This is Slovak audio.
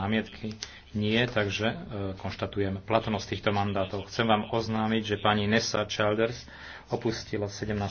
námietky? Nie, takže e, konštatujem platnosť týchto mandátov. Chcem vám oznámiť, že pani Nessa Childers opustila 17.